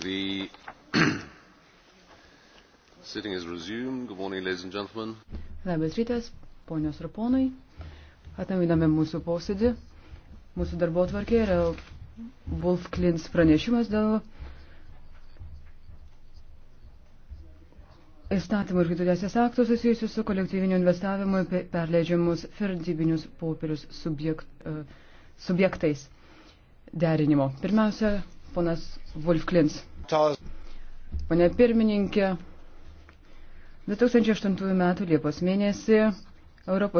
The sitting is resumed. Good morning, ladies and gentlemen. Labas rytas, ponios ir ponai. Atnaujiname mūsų posėdį. Mūsų darbo tvarkė yra Wolf Klins pranešimas dėl įstatymų ir kitų teisės aktų susijusių su kolektyviniu investavimu perleidžiamus vertybinius popierius subjekt, e, subjektais derinimo. Pirmiausia, ponas Wolf Klins. Pane pirmininkė, 2008 m. Liepos mėnesį Europos